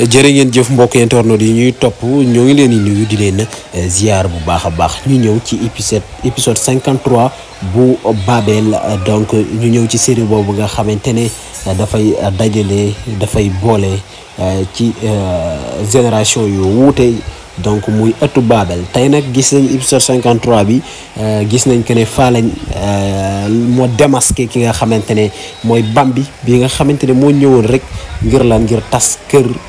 jërë ngeen jëf mbokk internautes yi ñuy topp ñoo ngi leen di nuyu di leen eh, ziar bu baax a baax ñu ñëw ci épisode épisode 53 bu Babel donc ñu ñëw ci série boobu nga xamante ne eh, dafay dajale dafay boole eh, ci génération yu wuute donc muy ëttu Babel tey nag gis nañ épisode 53 bi gis nañ que ne faa lañ moo démasqué ki nga xamante ne mooy bam bi bi nga xamante ne moo ñëwoon rek ngir lan ngir tas kër.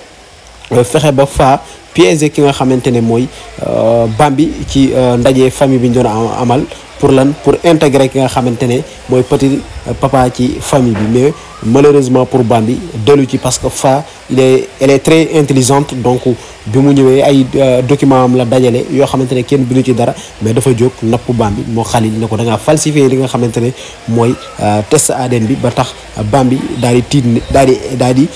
Euh, fexe ba fa piège ki nga xamantene moy euh, Bambi ci euh, ndaje famille bi ñu doon amal pour lan pour intégrer ki nga xamantene moy petit papa ci famille bi mais malheureusement pour Bambi delu ci parce que fa il est elle est très intelligente donc bi mu ñëwee ay document am la dajale yo xamantene ne kenn bindu ci dara mais dafa jóg napp Bambi mo khalil ne ko da nga falsifier li nga xamantene moy test ADN bi ba tax Bambi daal di tiit daal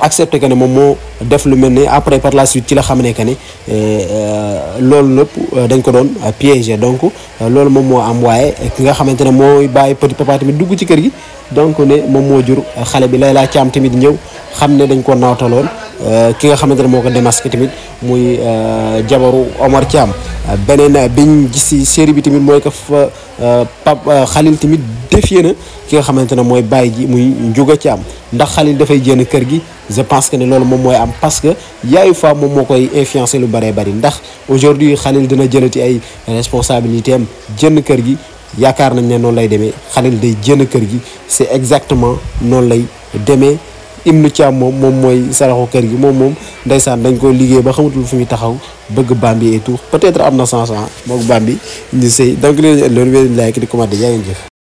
accepté que ne moom moo def lu mel ni après par la suite ci la xam ne que ne euh, loolu lépp euh, dañ ko doon piéger donc euh, loolu moom moo am waaye ki nga xamante ne mooy bàyyi petit papa tamit dugg ci kër gi donc ne moom moo jur xale bi laa Thiam tamit ñëw xam ne dañ ko nawtaloon ki nga xamante ne moo ko démasqué tamit muy jabaru Omar Thiam Euh, beneen euh, biñ gis si série bi tamit moy ka fa euh, Pape Khalil tamit défier na ki nga xamantene moy mooy ji muy njuga ci am ndax Khalil da fay jënd kër gi je pense que ne loolu mom moy am parce que yaayu fa moom moo koy influencé lu bari bari ndax aujourd'hui Khalil dina jëlati ay responsabilité am jënd kër gi yaakar nañ né non lay démé Khalil day jënd kër gi c'est exactement non lay démé im Ibnu Thiam moom moom mooy saraxu kër gi moom moom ndeysaan dañ ko liggéey ba xamatul fu ñu taxaw bëgg baam bi tout peut-être am na 500 moog ah, mook ñu bi donc li leen di ëllëgoon wéy di like di commenter yaa ngi jëf.